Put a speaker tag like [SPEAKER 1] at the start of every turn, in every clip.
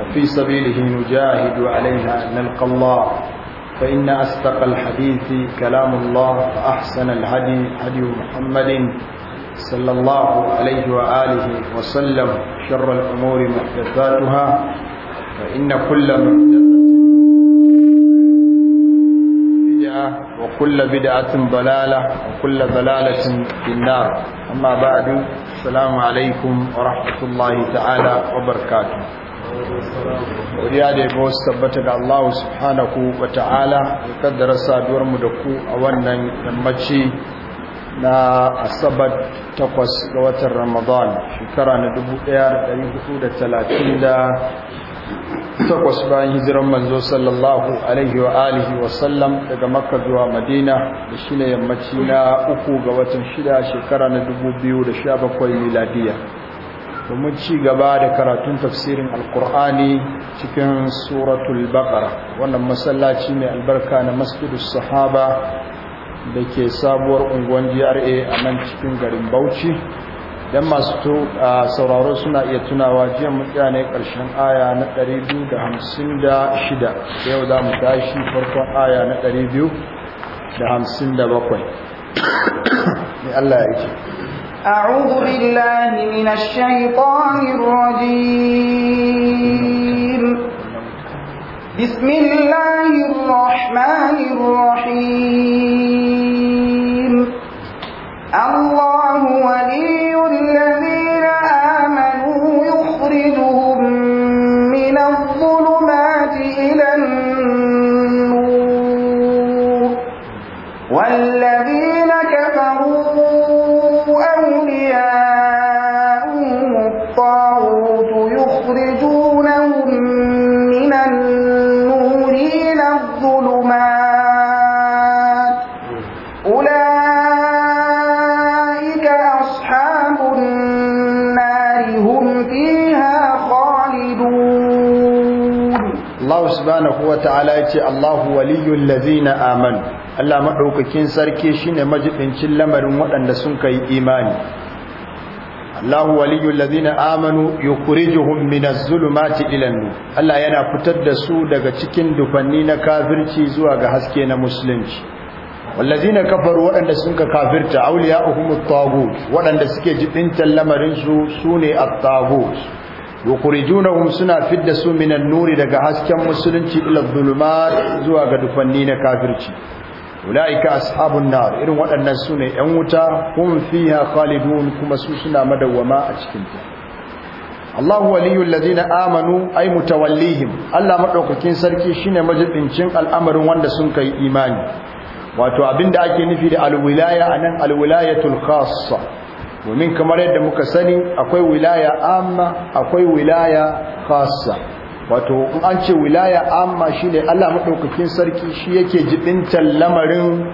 [SPEAKER 1] وفي سبيله نجاهد عليها نلقى الله فإن أصدق الحديث كلام الله وأحسن الهدي هدي محمد صلى الله عليه وآله وسلم شر الأمور محدثاتها فإن كل محدثة بدعة وكل بدعة ضلالة وكل ضلالة في النار أما بعد السلام عليكم ورحمة الله تعالى وبركاته godiya da yabo su tabbata ga Allah subhanahu wa ta'ala da kaddara saduwar mu da ku a wannan yammaci na asabar takwas ga watan Ramadan shekara na 1438 bayan hijiran manzo sallallahu alaihi wa alihi wa sallam daga Makka zuwa Madina da shine yammaci na uku ga watan shida shekara na 2017 miladiya mu ci gaba da karatun tafsirin alkur'ani cikin suratul baqara wannan masallaci mai albarka na masjidus sahaba da ke sabuwar unguwan GRA a nan cikin garin Bauchi dan masu sauraro suna iya tunawa jiya mun tsaya ne karshen aya na 256 yau za mu tashi farkon aya na 257 Ni Allah ya ce
[SPEAKER 2] أعوذ بالله من الشيطان الرجيم بسم الله الرحمن الرحيم الله ولي الذي
[SPEAKER 1] wata'ala ya ce Allahu waliyyul ladzina amanu Allah madaukakin sarki shine majibincin lamarin waɗanda sun kai imani Allahu waliyyul ladzina amanu yukhrijuhum minaz zulumati ilan nur Allah yana fitar da su daga cikin dufanni na kafirci zuwa ga haske na musulunci wallazina kafaru waɗanda sun ka kafirta awliya'uhumut taghut waɗanda suke jibintan lamarin su sune at-taghut yukhrijunahum suna fidda su minan nuri daga hasken musulunci ila dhulumat zuwa ga dufanni na kafirci ulaika ashabun nar irin waɗannan sune ƴan wuta hum fiha khalidun kuma su suna madawama a cikin ta Allahu waliyul ladina amanu ay mutawallihim Allah madaukakin sarki shine majibincin al'amarin wanda sun kai imani wato abinda ake nufi da alwilaya anan alwilayatul khassa domin kamar yadda muka sani akwai wilaya amma akwai wilaya khassa wato in an ce wilaya amma shine Allah madaukakin sarki shi yake jibintar lamarin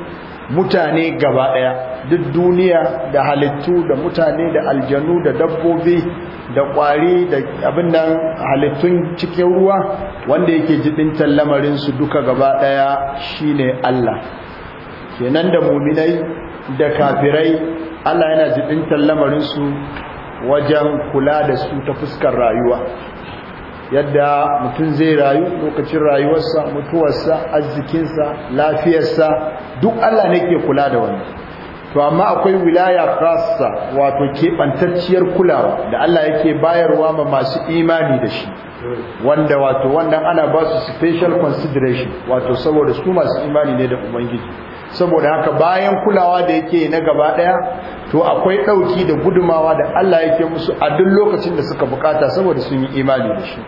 [SPEAKER 1] mutane gaba daya duk duniya da halittu da mutane da aljanu da dabbobi da kwari da abin nan halittun cikin ruwa wanda yake jibintar lamarin su duka gaba daya shine Allah kenan da muminai da kafirai Allah yana jibintar lamarinsu wajen kula da su ta fuskar rayuwa yadda mutum zai rayu lokacin rayuwarsa mutuwarsa arzikinsa lafiyarsa duk Allah ne ke kula da wani. to amma akwai wilaya khassa wato keɓantacciyar kulawa da Allah yake bayarwa ma masu imani da shi wanda wato wannan ana ba su special consideration wato saboda su masu imani ne da ubangiji saboda haka bayan kulawa da yake na gaba daya to akwai dauki da gudumawa da Allah yake musu a duk lokacin da suka bukata saboda sun yi imani da shi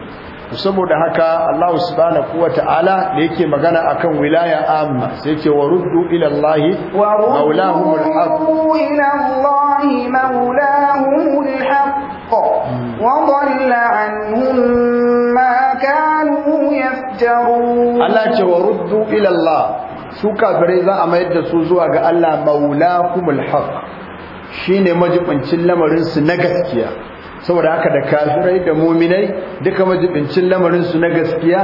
[SPEAKER 1] saboda haka Allah subhanahu wataala da yake magana akan wilaya amma sai yake waruddu ila Allah maulahumul haq
[SPEAKER 2] ila Allah maulahumul haq wa dhalla anhum ma kanu yaftarun Allah ce
[SPEAKER 1] waruddu ila Allah su kafirai za a mayar da su zuwa ga Allah maulakumul haq shine majibincin lamarin su na gaskiya saboda haka da kafirai da muminai duka majibincin lamarin su na gaskiya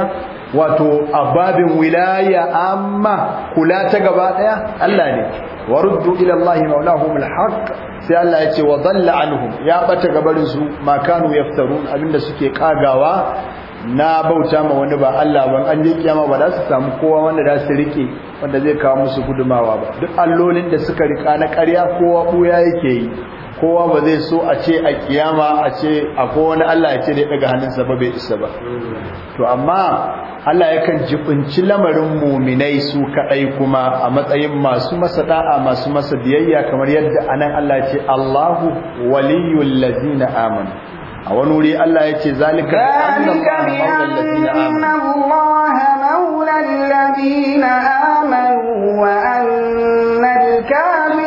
[SPEAKER 1] wato ababin wilaya amma kula ta gaba daya Allah ne waruddu ila Allah maulahumul haq sai Allah ya ce wa dhalla anhum ya bata gabarin su ma kanu yaftarun abinda suke kagawa na bauta ma wani ba Allah ban an je kiyama ba za su samu kowa wanda za su rike wanda zai kawo musu gudumawa ba duk allolin da suka rika na ƙarya kowa buya yake yi kowa ba zai so a ce a kiyama a ce a wani Allah ya ce da ya daga hannunsa ba bai isa ba to amma Allah yakan jibinci lamarin muminai su kaɗai kuma a matsayin masu masa da'a masu masa biyayya kamar yadda anan Allah ce Allahu waliyul ladina amanu a wani wuri Allah ya ce zalika bi anna
[SPEAKER 2] Allah maula alladhina amanu wa anna al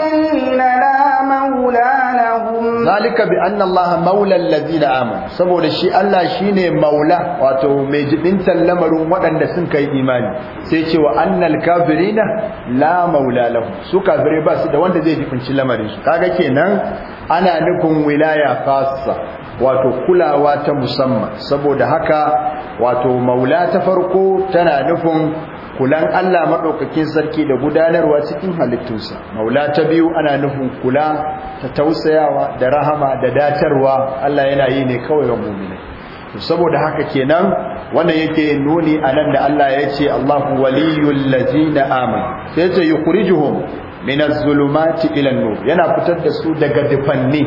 [SPEAKER 1] zalika bi anna Allah lazina allazina amanu saboda shi Allah shine maula wato mai jibintan lamarin waɗanda sun imani sai ce wa annal kafirina la maula lahu su kafire ba su da wanda zai jibinci lamarin su kaga kenan ana nufin wilaya khassa wato kulawa ta musamman saboda haka wato maula ta farko tana nufin kulan Allah maɗaukakin sarki da gudanarwa cikin halittunsa maula ta biyu ana nufin kula ta tausayawa da rahama da datarwa Allah yana yi ne kawai wa mumini saboda haka kenan wannan yake nuni anan da Allah ya ce Allahu waliyul ladina amanu sai ya ce yukhrijuhum minaz zulumati ila nur yana fitar da su daga dufanni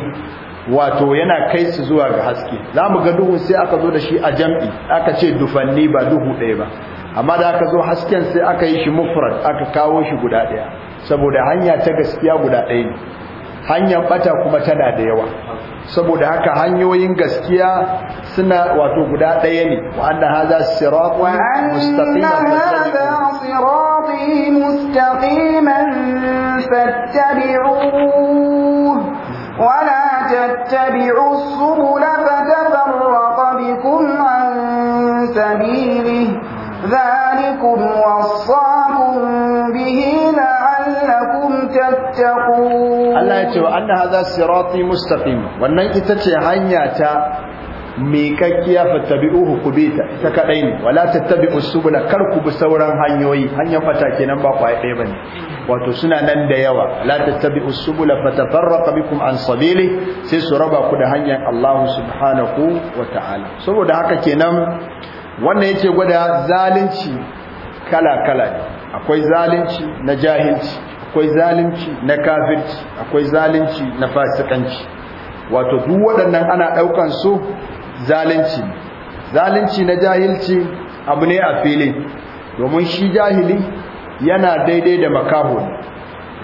[SPEAKER 1] wato yana kai su zuwa ga haske zamu ga duhu sai aka zo da shi a jam'i aka ce dufanni ba duhu ɗaya ba amma da aka zo hasken sai aka yi shi mufrad aka kawo shi guda daya saboda hanya ta gaskiya guda daya ne hanyar bata kuma tana da yawa saboda haka hanyoyin gaskiya suna wato guda daya ne wa anna hadha siratun
[SPEAKER 2] mustaqiman fattabi'uhu wa la tattabi'us subula fatafarraqu bikum an ذلكم وصاكم به لعلكم تتقون الله يتي وأن
[SPEAKER 1] هذا صراطي مستقيم وأن إتتي ta miƙaƙƙiya fattabi'uhu ku bi ta ita kaɗai ne wala tattabi'u subula kar ku bi sauran hanyoyi hanyar fata kenan baku kwaya ɗaya bane wato suna nan da yawa la tattabi'u subula fatafarraqa bikum an sabili sai su raba ku da hanyar Allah subhanahu wa ta'ala saboda haka kenan wannan yake gwada zalunci kala-kala akwai zalunci na jahilci akwai zalunci na kafirci akwai zalunci na fasikanci wato duk waɗannan ana ɗaukan su zalunci zalunci na jahilci abu ne a fili domin shi jahili yana daidai da makaho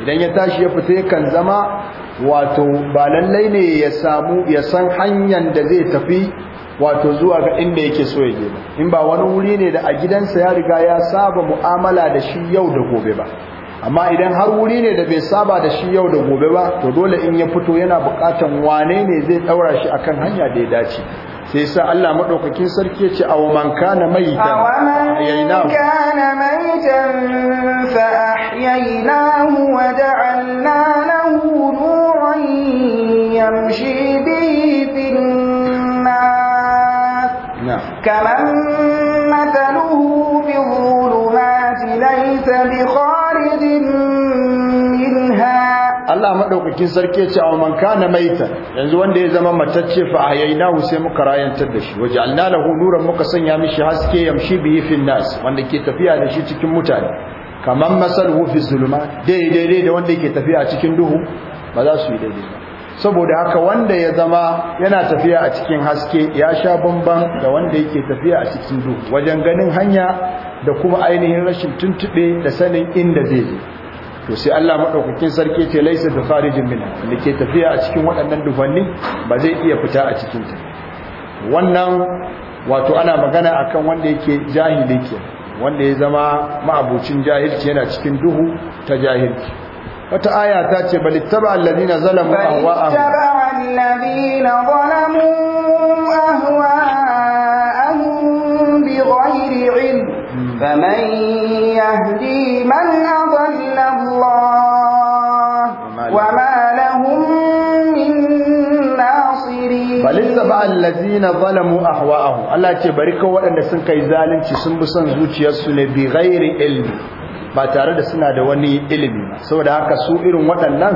[SPEAKER 1] idan ya tashi ya fita kan zama wato ba lallai ne ya samu ya san hanyar da zai tafi wato zuwa ga inda yake so ya je in ba wani wuri ne da a gidansa ya riga ya saba mu'amala da shi yau da gobe ba amma idan har wuri ne da bai saba da shi yau da gobe ba to dole in ya fito yana bukatan wane ne zai daura shi akan hanya da ya dace sai sa Allah madaukakin sarki ya ce aw man kana mayitan man
[SPEAKER 2] kana mayitan fa ahyaynahu wa ja'alna lahu nuran yamshi bihi كمن مثله في الظلمات ليس بخارج منها
[SPEAKER 1] Allah madaukakin sarki ya ce a man kana maita yanzu wanda ya zama matacce fa ahyaynahu sai muka rayantar da shi waje alna lahu nuran muka sanya mishi haske yamshi bihi fil nas wanda ke tafiya da shi cikin mutane kaman masaluhu fi zuluma daidai da wanda ke tafiya cikin duhu ba za su yi daidai ba saboda haka wanda ya zama yana tafiya a cikin haske ya sha bamban da wanda yake tafiya a cikin duhu wajen ganin hanya da kuma ainihin rashin tuntube da sanin inda zai je to sai Allah madaukakin sarki ce laisa da farijin minha wanda ke tafiya a cikin waɗannan dufanni ba zai iya fita a cikin ta wannan wato ana magana akan wanda yake jahili ke wanda ya zama ma'abucin jahilci yana cikin duhu ta jahilci wata aya ta ce bal ittaba alladhina zalamu ahwa'ahum ittaba
[SPEAKER 2] alladhina zalamu ahwa'ahum bighayri ilm hmm. faman yahdi man adalla Allah wama lahum min nasirin bal
[SPEAKER 1] zalamu Allah ce bari ko waɗanda sun kai zalunci sun bi son zuciyarsu na bighayri ilm ba tare da suna da wani ilimi saboda haka su irin waɗannan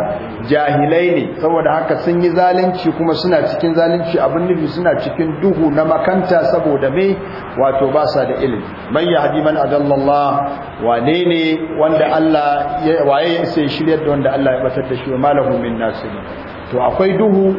[SPEAKER 1] jahilai ne saboda haka sun yi zalunci kuma suna cikin zalunci abin nufi suna cikin duhu na makanta saboda me wato ba sa da ilimi man yahdi man adallallah wane ne wanda Allah ya waye sai shiryar da wanda Allah ya batar da shi malahu min nasiri to akwai duhu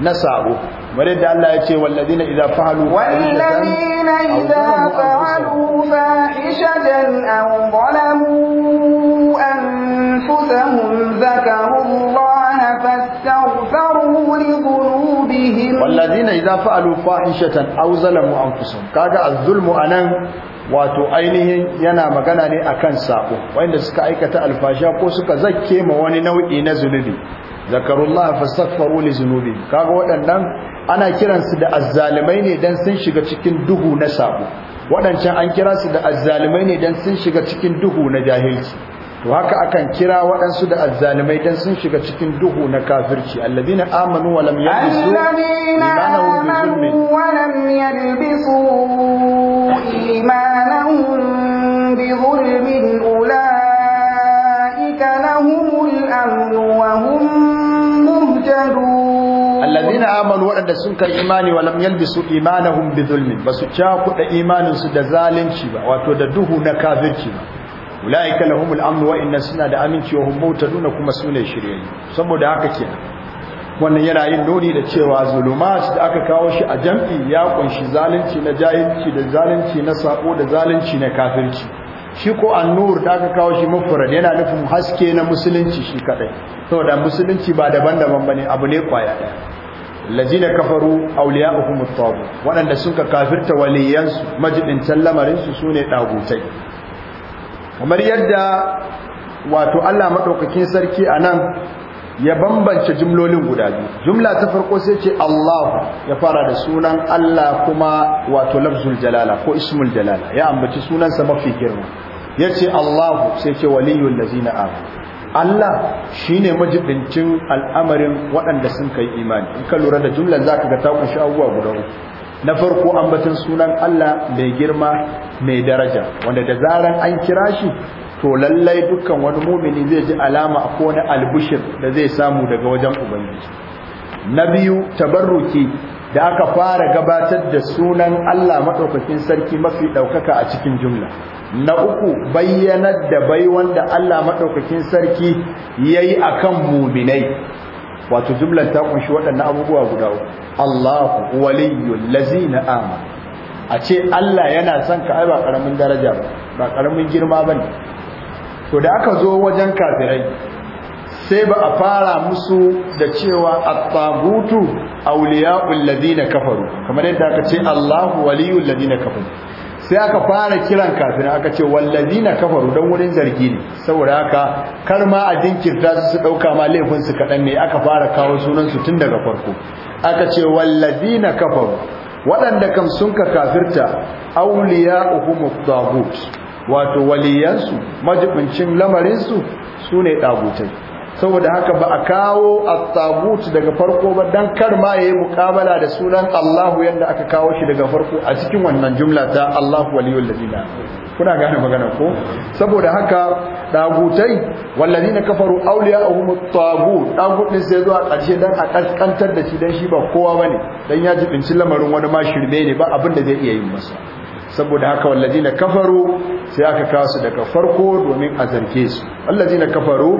[SPEAKER 1] na sabo bare da Allah ya ce wallazina idza fa'alu wallazina idza fa'alu fahishatan
[SPEAKER 2] aw zalamu anfusahum zakaru Allah fastaghfiru li dhunubihim wallazina
[SPEAKER 1] idza fa'alu fahishatan aw zalamu anfusahum kaga az-zulmu anan wato ainihin yana magana ne akan sako wanda suka aikata alfasha ko suka zakke ma wani nau'i na zunubi zakarullah fastaghfiru li dhunubihim kaga waɗannan ana kiransu da azzalimai ne dan sun shiga cikin duhu na sabo waɗancan an kira su da azzalimai ne dan sun shiga cikin duhu na jahilci to haka akan kira waɗansu da azzalimai dan sun shiga cikin duhu na kafirci alladina amanu wa lam yalbisu waɗanda sun kai imani lam yalbisu imanahum bi zulmin basu cakuɗa imanin su da zalunci ba wato da duhu na kafirci ba ulaika lahumul amn wa inna suna da aminci wa hum mutaduna kuma sunai shiriyi saboda haka ke. wannan yana yin nuni da cewa zulumat da aka kawo shi a jam'i ya kunshi zalunci na jahilci da zalunci na sako da zalunci na kafirci shi ko annur da aka kawo shi mufrad yana nufin haske na musulunci shi kadai saboda musulunci ba daban-daban bane abu ne kwaya lazina kafaru awliya'uhum at-taghut wadanda suka kafirta waliyansu majidin lamarin su sune dagutai kamar yadda wato Allah madaukakin sarki anan ya bambance jumlolin guda biyu jumla ta farko sai ce Allahu! ya fara da sunan Allah kuma wato lafzul jalala ko ismul jalala ya ambaci sunansa mafi girma yace Allahu! sai ce waliyul lazina amanu Allah shi ne majibincin al'amarin waɗanda sun kai imani in ka lura da jumlar zaka ga ta kunshi abubuwa guda uku na farko ambatin sunan Allah mai girma mai daraja wanda da zaran an kira shi to lallai dukkan wani mumini zai ji alama a kone albushir da zai samu daga wajen ubangiji na biyu tabarruki da aka fara gabatar da sunan Allah madaukakin sarki mafi ɗaukaka a cikin jumla na uku bayyanar da bai wanda Allah madaukakin sarki yayi akan mu'minai wato jumlar ta kunshi waɗannan abubuwa guda uku Allahu waliyul lazina amanu a ce Allah yana son ka ba karamin daraja ba ba karamin girma bane to da aka zo wajen kafirai sai ba a fara musu da cewa at-tagutu awliya'ul ladina kafaru kamar yadda aka ce Allahu waliyul ladina kafaru sai aka fara kiran kafin aka ce na kafaru don wurin zargi ne saboda haka kar ma a jinkirta su su dauka ma laifin su kadan ne aka fara kawo sunansu tun daga farko aka ce na kafaru waɗanda kam sun ka kafirta auliya at-taghut wato waliyansu majibincin lamarinsu, su sune tagutai saboda haka ba a kawo at-tagut daga farko ba dan kar ma yayi muqabala da sunan Allahu, yanda aka kawo shi daga farko a cikin wannan jumla ta Allahu waliyul ladina kuna gane magana ko saboda haka dagutai walladina kafaru awliya'uhum at-tagut dagut din sai zuwa ƙarshe dan a kaskantar da shi dan shi ba kowa bane dan ya jibinci lamarin wani ma shirme ne ba abin da zai iya yin masa saboda haka na kafaru sai aka kasu daga farko domin a zarge su na kafaru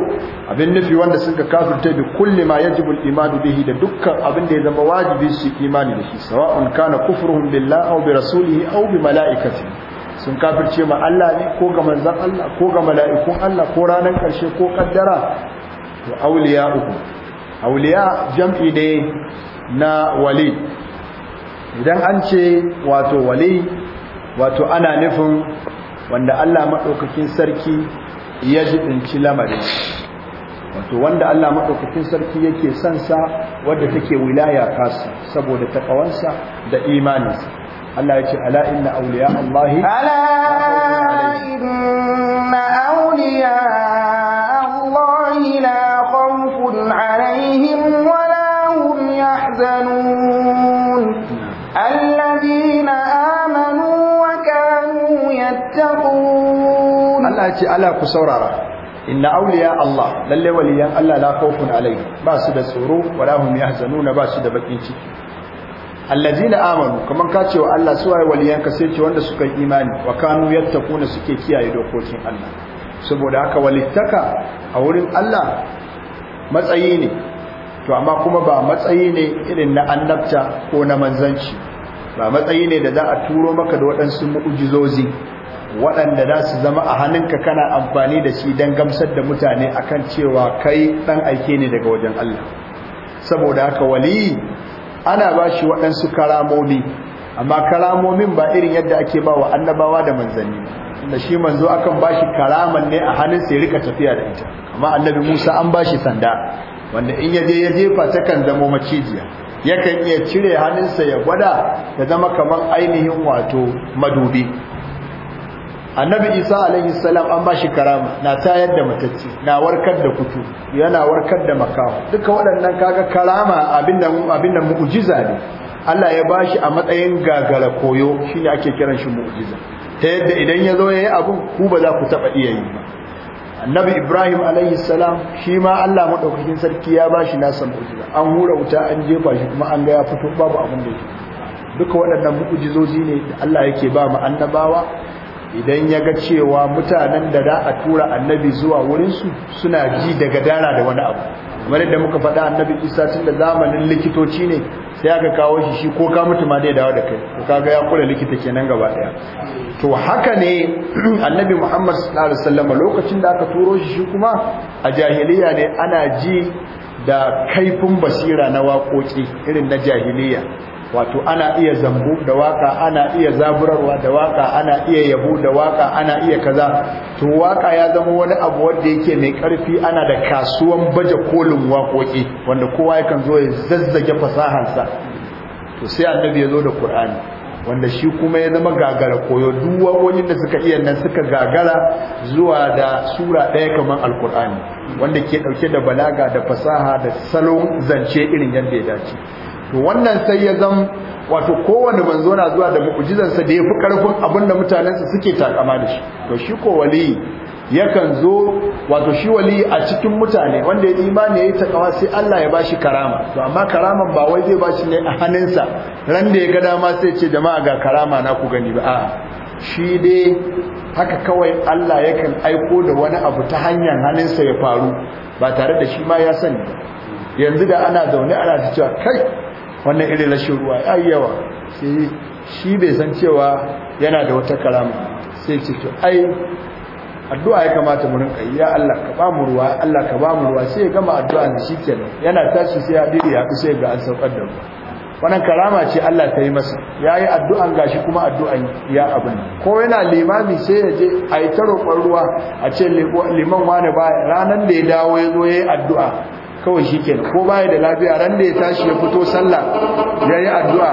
[SPEAKER 1] abin nufi wanda suka kafirta bi kulli ma yajibu al-imanu bihi da dukkan abin da ya zama wajibi su imani da shi sawa'un kana kufruhum billahi aw bi rasulihi aw bi sun kafirce ma Allah ne ko ga manzon Allah ko ga Allah ko ranar karshe ko kaddara to awliya uku awliya jam'i ne na wali idan an ce wato wali wato ana nufin wanda Allah maɗaukakin sarki ya jibinci lamarin wato wanda Allah maɗaukakin sarki yake sansa wadda take wilaya kasu saboda taƙawansa da imaninsa Allah ya ce ala inna auliya Allahi ala Allah ce ala ku saurara inna auliya Allah lalle waliyan Allah la khawfun alai ba su da tsoro wala hum yahzanuna ba su da bakin ciki allazina amanu kaman ka cewa Allah su waye waliyan ka sai ce wanda suka yi imani wa kanu yattaquna suke kiyaye dokokin Allah saboda haka walittaka a wurin Allah matsayi ne to amma kuma ba matsayi ne irin na annabta ko na manzanci ba matsayi ne da za a turo maka da waɗansu mu'ujizozi waɗanda za su zama a hannunka kana amfani da shi don gamsar da mutane akan cewa kai ɗan aike ne daga wajen Allah saboda haka wali, ana ba shi waɗansu karamomi amma karamomin ba irin yadda ake ba wa annabawa da manzanni da shi manzo akan ba shi karaman ne a hannun sai rika tafiya da ita amma annabi musa an ba shi sanda wanda in yaje ya jefa takan zamo macijiya yakan iya cire hannunsa ya gwada ya zama kamar ainihin wato madubi annabi isa alaihi salam an ba shi karama na tayar da matacce na warkar da kutu yana warkar da makawa duka waɗannan kaga karama abinda abinda mu'jiza ne Allah ya bashi a matsayin gagara koyo shine ake kiran shi mu'jiza ta yadda idan ya zo yayi abu ku ba za ku taba iya yi ba annabi ibrahim alaihi salam shi ma Allah madaukakin sarki ya bashi nasa mu'jiza an hura wuta an jefa shi kuma an ga ya fito babu abin da yake duka waɗannan mu'jizozi ne da Allah yake ba mu annabawa idan ya ga cewa mutanen da da a tura annabi zuwa wurinsu suna ji daga dara da wani abu Wani da muka faɗa annabi isa tun da zamanin likitoci ne sai aka kawo shi shi ko ka mutu ma dai dawo da kai ko kaga ya kula likita kenan gaba daya to haka ne annabi muhammad sallallahu alaihi wasallam lokacin da aka turo shi shi kuma a jahiliya ne ana ji da kaifin basira na waƙoƙi irin na jahiliya wato ana iya zambu da waka ana iya zaburarwa da waka ana iya yabo da waka ana iya kaza to waka ya zama wani abu wanda yake mai karfi ana da kasuwan baje kolin wakoki wanda kowa yakan zo ya zazzage fasahansa to sai annabi ya zo da qur'ani wanda shi kuma ya zama gagara koyo duk waƙoƙin da suka iya nan suka gagara zuwa da sura ɗaya kamar alqur'ani wanda ke ɗauke da balaga da fasaha da salon zance irin yadda ya dace to wannan sai ya zama wato kowane manzo na zuwa da mu'jizarsa da yafi karfin abin da mutanensa suke takama da shi to shi ko wali yakan zo wato shi wali a cikin mutane wanda ya imani yayi takawa sai Allah ya bashi karama to amma karaman ba wai zai bashi ne a hannunsa ran da ya ga dama sai ce jama'a ga karama na ku gani ba a'a shi dai haka kawai Allah yakan aiko da wani abu ta hanyar hannunsa ya faru ba tare da shi ma ya sani yanzu da ana zaune ana cewa kai wannan irin rashin ruwa ya yi yawa sai shi bai san cewa yana da wata karama sai ce to ai addu'a ya kamata mu rinka ya Allah ka ba mu ruwa Allah ka ba mu ruwa sai ya gama addu'a shi shikenan yana tashi sai ya dire ya kusa ga an saukar da ruwa wannan karama ce Allah ta yi masa yayi addu'an gashi kuma addu'a ya abin ko yana limami sai ya je ayi ta roƙon ruwa a ce liman wani ba ranan da ya dawo ya zo yayi addu'a kawai shi kenan ko baya da lafiya ran da ya tashi ya fito sallah ya yi addu'a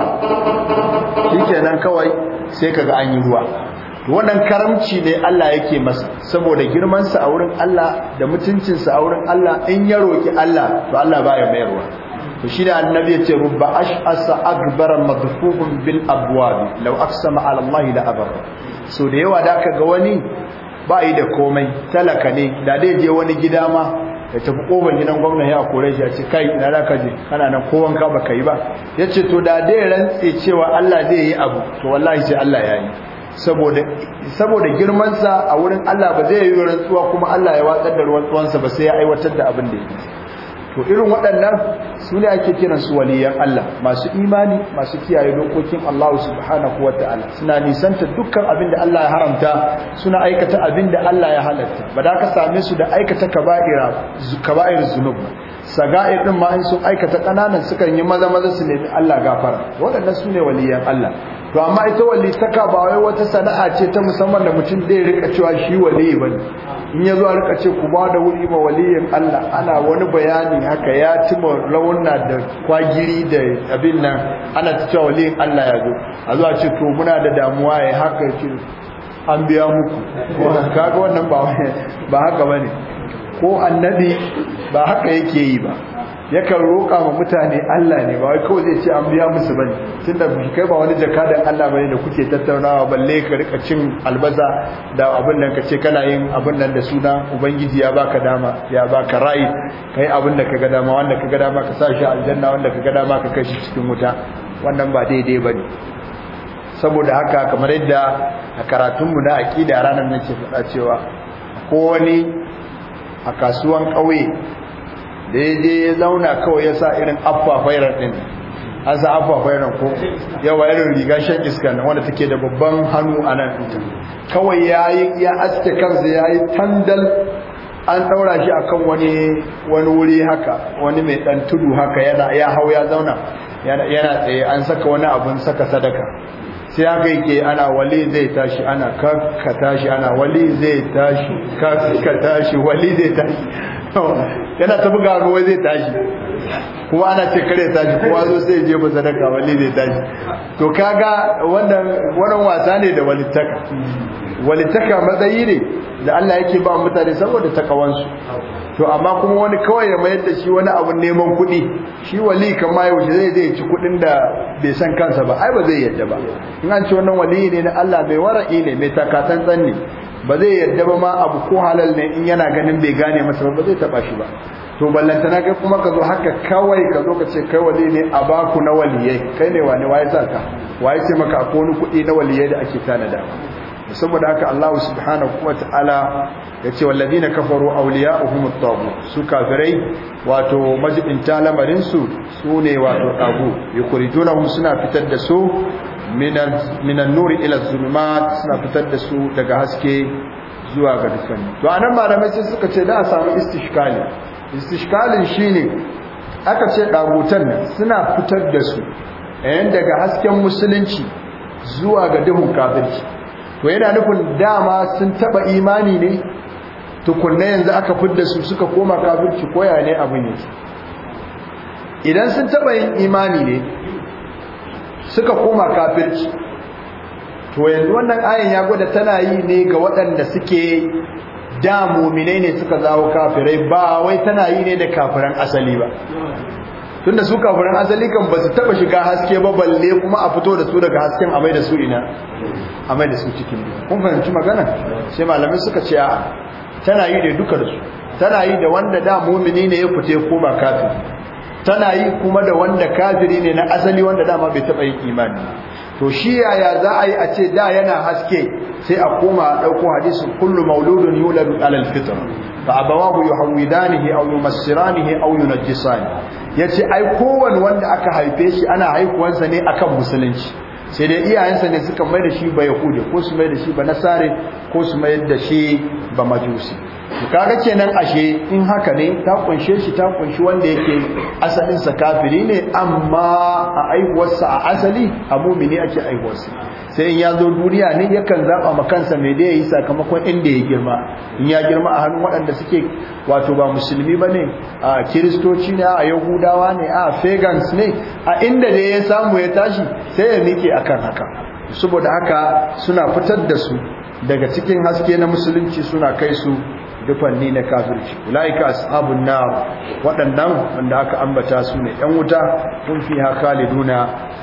[SPEAKER 1] shi kenan kawai sai ka ga an yi ruwa wannan karamci ne Allah yake masa saboda girmansa a wurin Allah da mutuncinsa a wurin Allah in ya roƙi Allah to Allah baya mayarwa to shi da annabi ya ce rubba ash'asa akbar madfufun bil abwab law aqsama ala Allah la abar so da yawa da ka ga wani ba yi da komai talaka ne da dai je wani gida ma ya tafi ƙofar gidan gwamna ya kore shi a ce kai ina za ka je kana nan ko wanka baka yi ba ya ce to da dai rantse cewa Allah zai yi abu to wallahi sai Allah ya yi saboda saboda girmansa a wurin Allah ba zai yi rantsuwa kuma Allah ya watsar da ruwan tsuwansa ba sai ya aiwatar da abin da ya yi to irin waɗannan su ne ake kiran su waliyan Allah masu imani masu kiyaye dokokin Allah subhanahu wa ta'ala suna nisanta dukkan abin da Allah ya haramta suna aikata abin da Allah ya halatta ba da ka same su da aikata kaba'ira kaba'ir zunub saga'ir din ma in sun aikata kananan sukan yi maza maza su nemi Allah gafara waɗannan su ne waliyan Allah to amma ita walitaka ba wai wata sana'a ce ta musamman da mutum zai rika cewa shi waliyi bane in ya zo a rika ce ku ba da wuri ma waliyin Allah ana wani bayani haka ya ci ma da kwagiri da abin nan ana ta cewa waliyin Allah ya zo a zo a ce to muna da damuwa ya haka an biya muku kaga wannan ba haka bane ko annabi ba haka yake yi ba yakan roƙa ma mutane Allah ne ba wai kawai zai ce an biya musu bane tunda kai ba wani jakadan Allah bane da kuke tattaunawa balle ka rika cin albasa da abin nan kace kana yin abin nan da suna ubangiji ya baka dama ya baka rai kai abin da kaga dama wanda kaga dama ka sa aljanna wanda kaga dama ka kai shi cikin wuta wannan ba daidai bane saboda haka kamar yadda a karatun mu na aqida ranar nake faɗa cewa ko wani a kasuwan ƙauye da ya je ya zauna kawai ya sa irin afafairar ɗin an sa afafairar ko yawa irin riga shan iska na wanda take da babban hannu a nan ita kawai ya yi ya aske kansa ya yi tandal an ɗaura shi a kan wani wuri haka wani mai ɗan tudu haka yana ya hau ya zauna yana tsaye an saka wani abun saka sadaka sai haka yake ana wali zai tashi ana kakka tashi ana wali zai tashi kakka tashi wali zai tashi yana ta buga ruwa zai tashi kuma ana ce kare tashi kuma zo sai je ba sadaka wani zai tashi to kaga wannan wannan wasa ne da walittaka walittaka matsayi ne da Allah yake ba mutane saboda takawansu to amma kuma wani kawai ya mayar da shi wani abu neman kuɗi shi wali kama yaushe zai zai ci kuɗin da bai san kansa ba ai ba zai yadda ba in an ce wannan wali ne na Allah mai wara'i ne mai takatan ne ba zai yadda ba ma abu ko halal ne in yana ganin bai gane masa ba zai taba shi ba to na kai kuma ka zo haka kawai ka zo ka ce kai wali ne a baku na waliyai kai ne wani waye sa ka waye ce maka ko wani kuɗi na waliyai da ake tanada saboda haka Allah subhanahu wa ta'ala ya ce wallazina kafaru awliya'uhum at-taghut su kafirai wato majibin talamarin su sune wato tagu yukuridunahum suna fitar da su minan nuri ila zulumat suna fitar da su daga haske zuwa ga dukkan to anan malamai sai suka ce da a samu istishkali istishkalin shine aka ce dagutan suna fitar da su yayin eh, daga hasken musulunci zuwa ga duhun kafirci to yana nufin dama sun taba imani ne tukunna yanzu aka fidda su suka koma kafirci koya ne abin idan sun taba yin imani ne suka koma kafirci to yanzu wannan ayan ya gwada tana yi ne ga waɗanda suke da muminai ne suka zawo kafirai ba wai tana yi ne da kafiran asali ba tunda su kafiran asali kan ba su taba shiga haske ba balle kuma a fito da su daga hasken amai da su ina amai da su cikin duhu kun fahimci magana sai malamai suka ce a tana yi da duka da su tana yi da wanda da mumini ne ya fite koma kafiri tana yi kuma da wanda kafiri ne na asali wanda dama bai taba yin imani to shi yaya za a yi a ce da yana haske sai a koma a ɗauko hadisi kullu mauludun yuladu alal fitr fa abawahu yuhawidanihi aw yumassiranihi aw yunajjisani yace ai kowanne wanda aka haife shi ana sa ne akan musulunci sai dai iyayensa ne suka mai da shi ba yahudi ko su mai da shi ba nasare ko su mayar da shi ba majusi kaga kenan ashe in haka ne ta kunshe shi ta kunshi wanda yake asalin sa kafiri ne amma a sa a asali a mumini ake sa. sai in ya zo duniya ne yakan zaba ma kansa me da yayi sakamakon inda ya girma in ya girma a hannun waɗanda suke wato ba musulmi bane a kiristoci ne a yahudawa ne a pagans ne a inda da ya samu ya tashi sai ya nike akan haka saboda haka suna fitar da su daga cikin haske na musulunci suna kai su dufanni na kafirci ulaika ashabun nar waɗannan wanda aka ambata su ne ƴan wuta kun ha khaliduna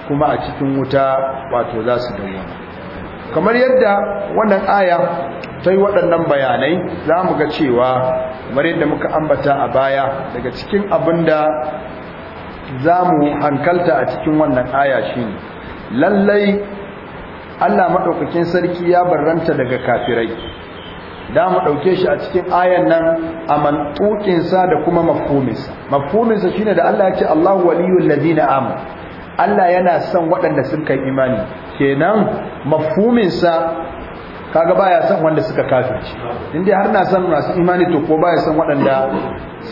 [SPEAKER 1] kuma a cikin wuta wato za su dawo kamar yadda wannan aya ta yi waɗannan bayanai za mu ga cewa kamar yadda muka ambata a baya daga cikin abin da za mu hankalta a cikin wannan aya shi lallai Allah maɗaukakin sarki ya barranta daga kafirai da mu ɗauke shi a cikin ayan nan a sa da kuma mafhuminsa mafhuminsa shine da Allah ya ce Allahu waliyul ladina amanu Allah yana son waɗanda sun kai imani kenan mafhuminsa kaga baya san wanda suka kafirci inda har na san masu imani to ko baya san waɗanda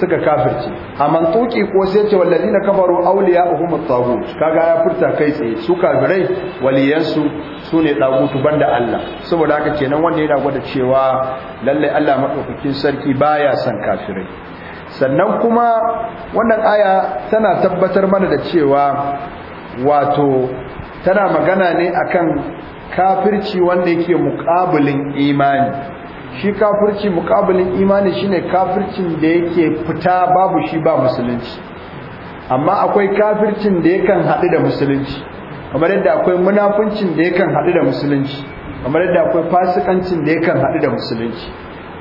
[SPEAKER 1] suka kafirci a mantuki ko sai ce walladina kafaru awliya'uhum at-taghut kaga ya furta kai tsaye su kafirai waliyansu sune tagutu banda Allah saboda haka kenan wanda yana gwada cewa lalle Allah madaukakin sarki baya san kafirai sannan kuma wannan aya tana tabbatar mana da cewa wato tana magana ne akan kafirci wanda yake muƙabilin imani shi kafirci muƙabilin imani shine kafircin da yake fita babu shi ba musulunci amma akwai kafircin da yakan haɗu da musulunci kamar yadda akwai munafuncin da yakan haɗu da musulunci kamar yadda akwai fasikancin da yakan haɗu da musulunci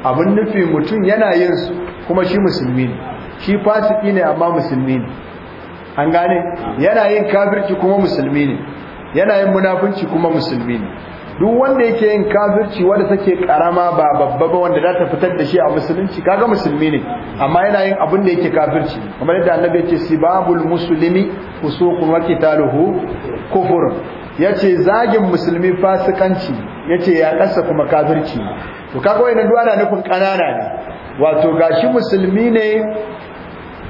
[SPEAKER 1] abin nufi mutum yana yin su kuma shi musulmi ne shi fasiki ne amma musulmi ne an gane yana yin kafirci kuma musulmi ne yana yin munafunci kuma musulmi ne duk wanda yake yin kafirci wanda take karama ba babba ba wanda za ta fitar da shi a musulunci kaga musulmi ne amma yana yin abin da yake kafirci kamar yadda annabi ya ce sibabul muslimi fusuqun wa qitaluhu kufur yace zagin musulmi fasikanci yace ya kasa kuma kafirci to kaga wayannan duwana nufin kanana ne wato gashi musulmi ne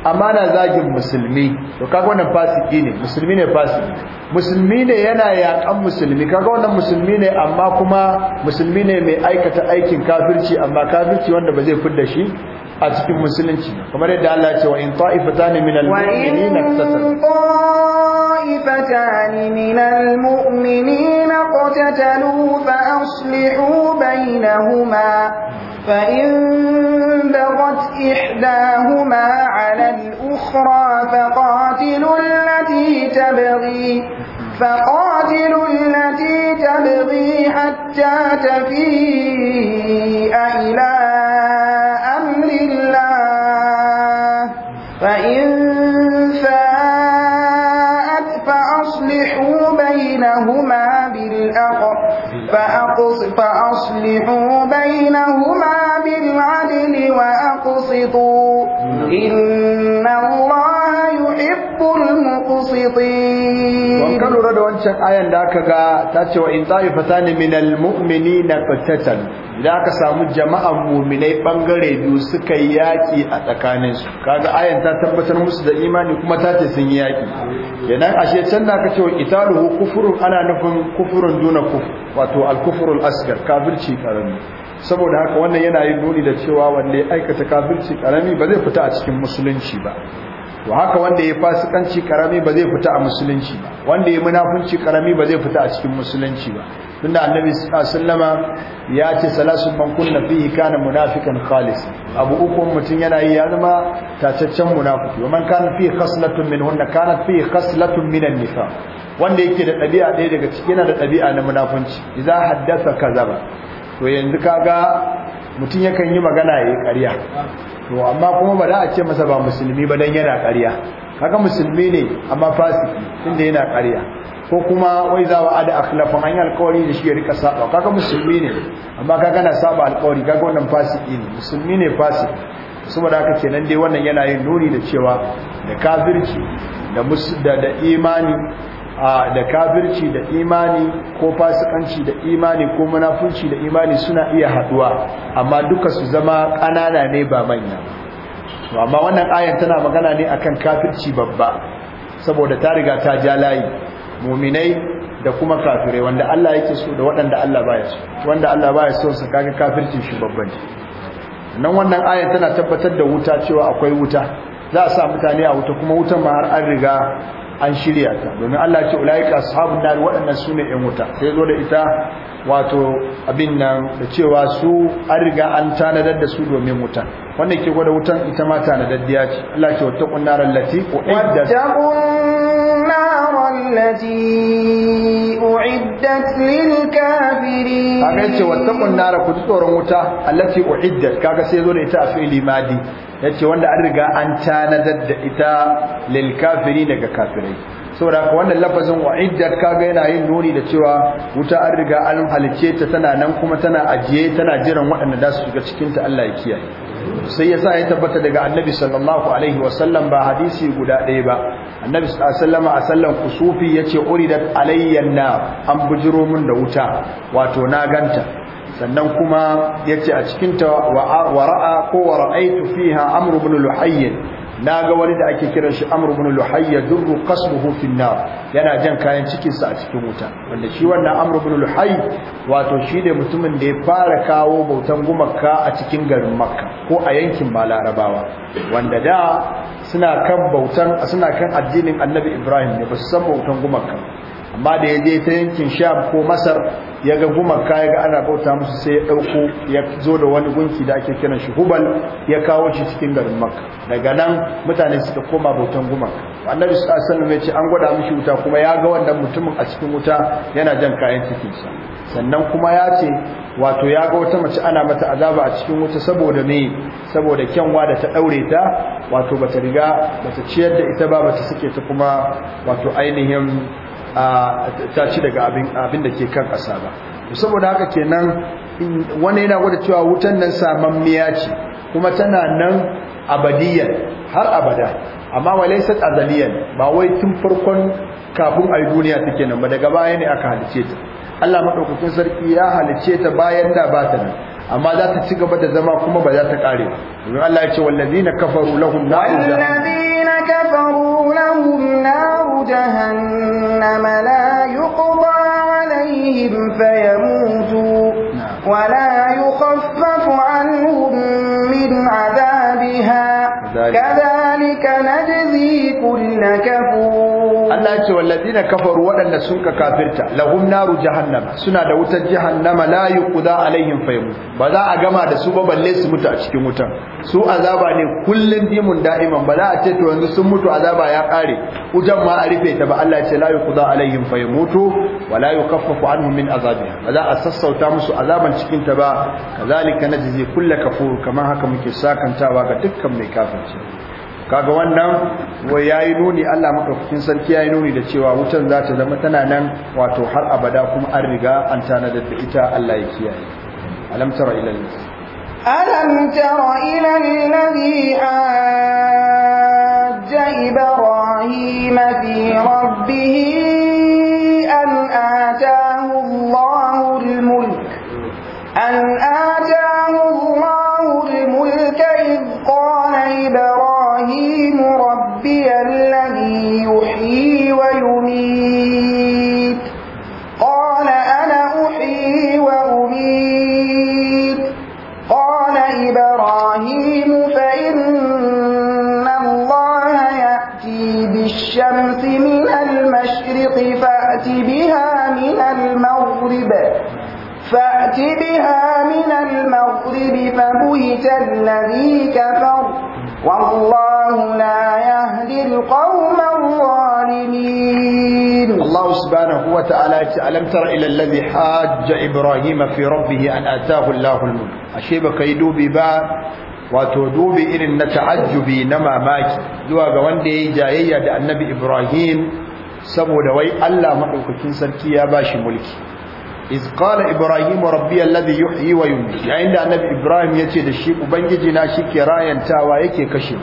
[SPEAKER 1] amma na zagin musulmi to kaga wannan fasiki ne musulmi ne fasiki musulmi ne yana yakan musulmi kaga wannan musulmi ne amma kuma musulmi ne mai aikata aikin kafirci amma kafirci wanda ba zai fudda shi a cikin musulunci kamar yadda Allah ya ce wa in ta'ifatan min al-mu'minina iqtatalu
[SPEAKER 2] ta'ifatan min al-mu'minina iqtatalu fa aslihu bainahuma fa in baghat ihdahuma أخرى فقاتلوا التي تبغي فقاتلوا التي تبغي حتى تفيء إلى
[SPEAKER 1] wancan ayan da aka ga ta ce wa in ta'ifatan minal na fatatan idan aka samu jama'an mu'minai bangare biyu suka yi yaki a tsakanin su kaga ayan ta tabbatar musu da imani kuma ta ce sun yi yaki yanan ashe can da aka ce wa qitaluhu ana nufin kufrun duna kufr wato al-kufrul asghar kafirci karami saboda haka wannan yana yi nuni da cewa wanda ya aikata kafirci karami ba zai fita a cikin musulunci ba to haka wanda ya fasikanci karami ba zai fita a musulunci ba wanda ya munafunci karami ba zai fita a cikin musulunci ba tunda annabi sallama ya ce salasun man kunna fihi kana munafikan khalis abu uku mutum yana yi ya zama tacaccen munafiki wa man kana fihi khaslatun min hunna kana fihi khaslatun min an-nifaq wanda yake da ɗabi'a ɗaya daga cikin yana da ɗabi'a na munafunci idza haddatha kazaba to yanzu kaga mutum yakan yi magana ya yi karya. to amma kuma ba za a ce masa ba musulmi ba don yana karya. kaga musulmi ne amma fasiki inda yana karya. ko kuma wai za wa ada akhlafan an yi alkawari da shi ya rika saba kaga musulmi ne amma kaga na saba alkawari kaga wannan fasiki ne musulmi ne fasiki saboda ce nan dai wannan yana yin nuni da cewa da kafirci da imani da kafirci da imani ko fasikanci da imani ko munafunci da imani suna iya haduwa amma duka su zama kanana ne ba manya amma wannan ayan tana magana ne akan kafirci babba saboda ta riga ta ja layi muminai da kuma kafirai wanda Allah yake so da waɗanda Allah baya so wanda Allah baya so su kaga kafircin shi babban nan wannan ayan tana tabbatar da wuta cewa akwai wuta za a sa mutane a wuta kuma wutan ma har an riga an shirya ta domin Allah ce ulaiika ashabun nar waɗannan sune ɗan wuta sai zo da ita wato abin nan da cewa su an riga an tanadar da su domin wuta. wannan ke gwada wutan ita ma da yaci. Allah ce wattaqun nar allati uiddat
[SPEAKER 2] wattaqun nar uiddat lil kafirin kaga yace wattaqun nar
[SPEAKER 1] ku tsoron wuta allati uiddat kaga sai zo da ita a fi'li madi yace wanda an riga an tanadar da ita lil kafirin daga kafirai saboda haka wannan lafazin uiddat kaga yana yin nuni da cewa wuta an riga an halice ta tana nan kuma tana ajiye tana jiran waɗanda za su shiga cikin ta Allah ya kiyaye sai yasa ya tabbata daga annabi sallallahu alaihi wasallam ba hadisi guda ɗaya ba annabi sallama a sallan kusufi yace uridat alayyana na an bujiro mun da wuta wato na ganta sannan kuma yace a cikin ta wa ra'a ko wa ra'aitu fiha amr ibn luhayy na ga wani da ake kiran shi amr bin luhayya durru qasbuhu fi nar yana jan kayan cikin sa a cikin wuta wanda shi wannan amr bin luhayy wato shi ne mutumin da ya fara kawo bautan gumaka a cikin garin makka ko a yankin malarabawa wanda da suna kan bautan suna kan addinin annabi ibrahim ne ba su san bautan gumaka amma da ya je ta yankin sham ko masar ya ga gumaka ya ga ana bauta musu sai ya ɗauko ya zo da wani gunki da ake kiran shi hubal ya kawo shi cikin garin makka daga nan mutane suka koma bautan gumaka annabi su alaihi ya ce an gwada mishi wuta kuma ya ga wannan mutumin a cikin wuta yana jan kayan cikinsa sannan kuma ya ce wato ya ga wata mace ana mata azaba a cikin wuta saboda me saboda kyanwa da ta daure ta wato bata riga bata ciyar da ita ba bata sike ta kuma wato ainihin ta ci daga abin da ke kan ƙasa ba saboda haka kenan wani yana gwada cewa wutan nan samammiya ce kuma tana nan abadiyan har abada amma walaisat azaliyan ba wai tun farkon kafin a duniya take nan ba daga baya ne aka halice ta Allah maɗaukacin sarki ya halice ta bayan da ba ta nan amma za ta ci gaba da zama kuma ba za ta ƙare, ba Allah ya ce na kafaru lahum na'u
[SPEAKER 2] كفروا لهم نار جهنم لا يقضى عليهم
[SPEAKER 1] فيموتوا
[SPEAKER 2] نعم. ولا يخفف عنهم kadhalika najzi kull kafur
[SPEAKER 1] Allah ya ce wallazina kafaru waɗanda sun kafirta lahum naru jahannama suna da wutar jahannama la yuqda alaihim fayu ba za a gama da su ba balle mutu a cikin wutan su azaba ne kullum dimun da'iman ba za a ce ta yanzu sun mutu azaba ya kare wutan ma a rufe ta ba Allah ya ce la yuqda alaihim fayamutu wa la yukaffafu anhum min azabiha ba za a sassauta musu azaban cikin ta ba kazalika najzi kull kafur kamar haka muke sakantawa ga dukkan mai kafir kaga wannan wai yayi nuni Allah madaukakin sarki yayi nuni da cewa wutan za ta zama tana nan wato har abada kuma an riga an tanadar da ita Allah ya kiyaye alam tara ila
[SPEAKER 2] alam tara ila alladhi hajja ibrahim fi rabbih an ataahu Allahu mulk an ربي الذي يحيي ويميت قال أنا أحيي وأميت قال إبراهيم فإن الله يأتي بالشمس من المشرق فأت بها من المغرب فأت بها من المغرب فبهت الذي كفر
[SPEAKER 1] والله
[SPEAKER 2] لا القوم الظالمين
[SPEAKER 1] الله سبحانه وتعالى ألم تر إلى الذي حاج إبراهيم في ربه أن آتاه الله الملك أشيبك يدوبي با wato dubi irin na ta'ajjubi na mamaki zuwa ga wanda ya yi jayayya da annabi ibrahim saboda wai allah maɗaukakin sarki ya ba shi mulki iz qala ibrahim rabbi alladhi yuhyi wa yumit yayin da annabi ibrahim ya ce da shi ubangiji na shi ke rayantawa yake kashe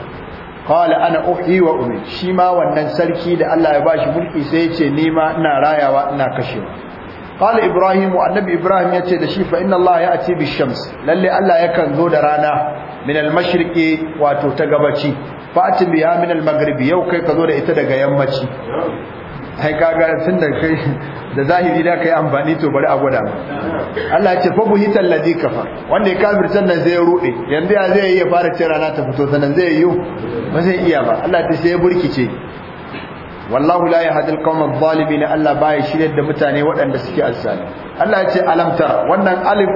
[SPEAKER 1] qala ana uhi wa umi shi ma wannan sarki da Allah ya bashi mulki sai yace ni ma ina rayawa ina kashewa qala ibrahim annabi ibrahim yace da shi fa inna Allah ya'ti bish-shams lalle Allah yakan zo da rana min al-mashriqi wato ta gabaci fa atibiya min al-maghribi yau kai ka zo da ita daga yammaci ai kaga tun da kai da zahiri da kai amfani to bari a gwada Allah ce fa buhital ladhi kafar wanda ya kafin nan zai rude yanda ya zai iya fara ce rana ta fito sanan zai yi ba zai iya ba Allah ta sai ya burkice wallahu la yahdi alqawma adh-dhalimin Allah baya shiryar da mutane waɗanda suke alsani Allah ya ce alamtara wannan alif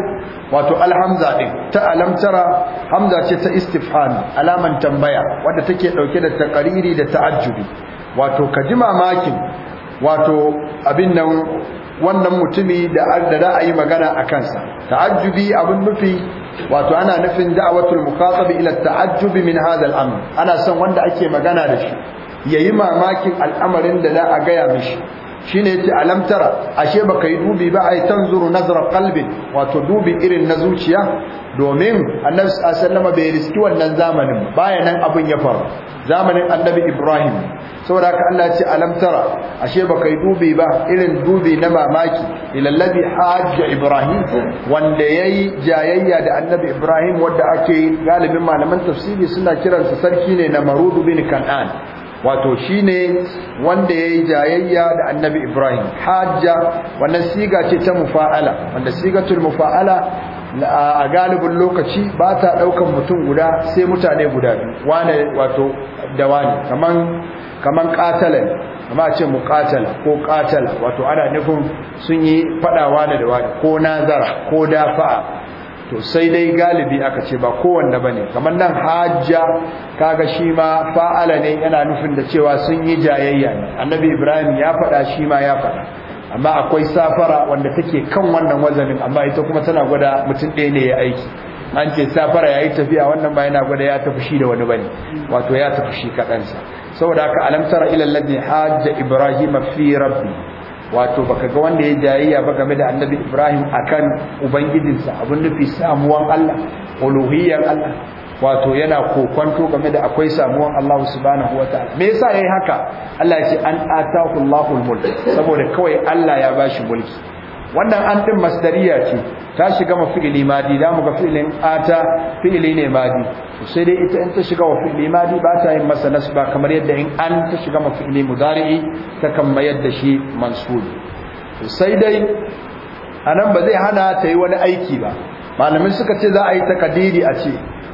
[SPEAKER 1] wato alhamza din ta alamtara hamza ce ta istifham alaman tambaya wanda take dauke da taqariri da ta'ajjubi wato ka ji mamakin wato abin nan wannan mutumi da da a yi magana a kansa ta'ajjubi abin nufi wato ana nufin da'awatul muqatab ila ta'ajjubi min hadha al-amr ana son wanda ake magana da shi yayi mamakin al'amarin da za a gaya mishi shine yace alam tara ashe baka yi dubi ba ai tanzuru nazra qalbi wato dubi irin na zuciya domin annabi sallallahu alaihi wasallam bai riski wannan zamanin baya nan abin ya faru zamanin annabi ibrahim saboda haka Allah ya ce alam tara ashe baka yi dubi ba irin dubi na mamaki ilallabi hajja ibrahim wanda yayi jayayya da annabi ibrahim wanda ake galibin malaman tafsiri suna kiransa sarki ne na marudu bin kan'an wato shine wanda yayi jayayya da annabi ibrahim hajja wannan siga ce ta mufa'ala wanda sigatul mufa'ala a galibin lokaci ba ta daukan mutum guda sai mutane guda biyu wane wato da wane kaman kaman katala amma ce mu katala ko katala wato ana nufin sun yi fadawa da dawa ko nazara ko dafa'a to sai dai galibi aka ce ba kowanne bane kamar nan hajja kaga shi ma fa'ala ne yana nufin da cewa sun yi jayayya ne annabi ibrahim ya fada shi ma ya fada amma akwai safara wanda take kan wannan wazanin amma ita kuma tana gwada mutum ɗaya ne ya aiki an ce safara ya yi tafiya wannan ba yana gwada ya tafi shi da wani bane wato ya tafi shi kaɗansa saboda haka alamtara tara ila alladhi hajja ibrahima fi rabbi wato baka ga wanda ya jayayya ba game da annabi ibrahim akan ubangijinsa abin nufi samuwan Allah uluhiyyar Allah wato yana kokonto game da akwai samuwan Allah subhanahu wataala me yasa yayi haka Allah ya ce an atahu Allahul mulk saboda kawai Allah ya bashi mulki wannan an din masdariya ce ta shiga ma fi'ili madi da muka fi'ilin ata fi'ili ne madi to sai dai ita in ta shiga wa fi'ili madi ba ta yin masa nasba kamar yadda in an ta shiga ma fi'ili mudari'i ta kan mayar da shi mansubi sai dai anan ba zai hana ta yi wani aiki ba Malamin suka ce za a yi takadiri a ce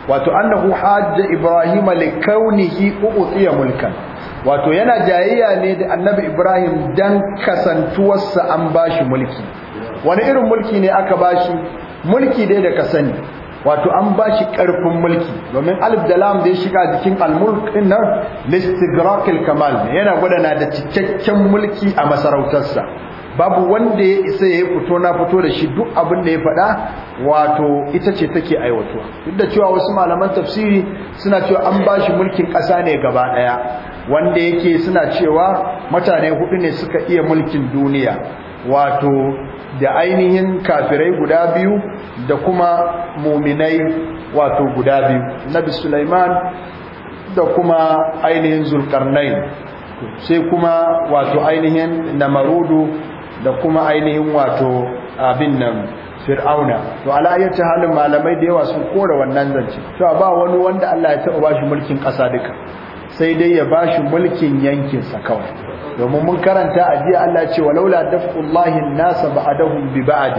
[SPEAKER 1] wato annahu hajja ibrahima likaunihi uutiya mulkan wato yana jayayya ne da annabi ibrahim don kasantuwarsa an ba shi mulki wani irin mulki ne aka ba shi mulki dai da kasani wato an ba shi karfin mulki domin alif da lam da ya shiga jikin almulk din nan listigrakil kamal yana gwada da cikakken mulki a masarautarsa babu wanda ya isa ya yi fito na fito da shi duk abin da ya faɗa wato ita ce take aiwatuwa duk da cewa wasu malaman tafsiri suna cewa an ba shi mulkin ƙasa ne gaba ɗaya wanda yake suna cewa mutane hudu ne suka iya mulkin duniya wato da ainihin kafirai guda biyu da kuma muminai wato guda biyu nabi Sulaiman da kuma ainihin zulkarnai sai kuma wato ainihin namarudu da kuma ainihin wato abin nan fir'auna to alayyata halin malamai da yawa sun kora wannan zance to ba wani wanda Allah ya taɓa bashi mulkin ƙasa duka sai dai ya bashi mulkin yankinsa kawai domin mun karanta a jiya Allah ce walaula dafqullahi an-nasa ba'adahum bi ba'd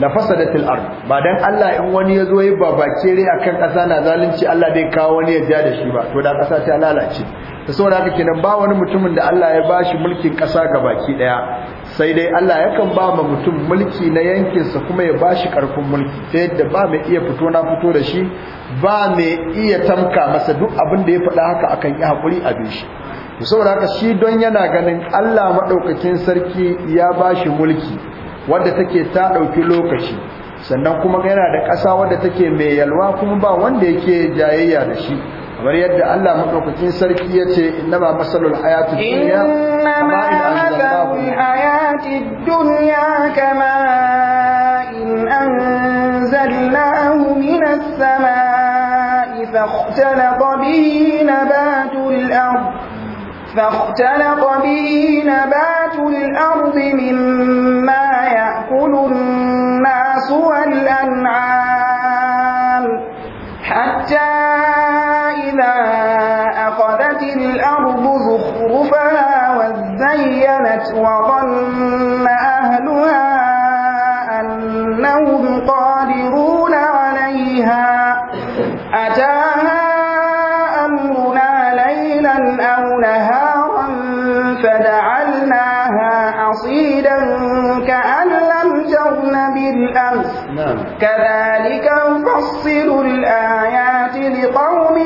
[SPEAKER 1] la fasadatil ard ba dan Allah in wani yazo babace re akan kasa na zalunci Allah bai kawo wani ya ja da shi ba to da kasa ta lalace to saboda haka kenan ba wani mutumin da Allah ya bashi mulkin kasa baki daya sai dai Allah yakan ba ma mutum mulki na yankin sa kuma ya bashi karfin mulki ta yadda ba mai iya fito na fito da shi ba mai iya tamka masa duk abin da ya faɗa haka akan yi hakuri a bin shi to saboda haka shi don yana ganin Allah madaukakin sarki ya bashi mulki wadda take ta ɗauki lokaci sannan kuma yana da ƙasa wadda take mai yalwa kuma ba wanda yake jayayya da shi kamar yadda Allah madaukakin sarki yace innama masalul hayatid dunya
[SPEAKER 2] innama masalul hayatid dunya kama in anzalnahu minas samaa'i fakhtalata bihi nabatul ardh فاختلط به نبات الأرض مما يأكل الناس والأنعام حتى إذا أخذت الأرض زخرفها وزينت وظن أهلها كذلك نفصل الآيات لقوم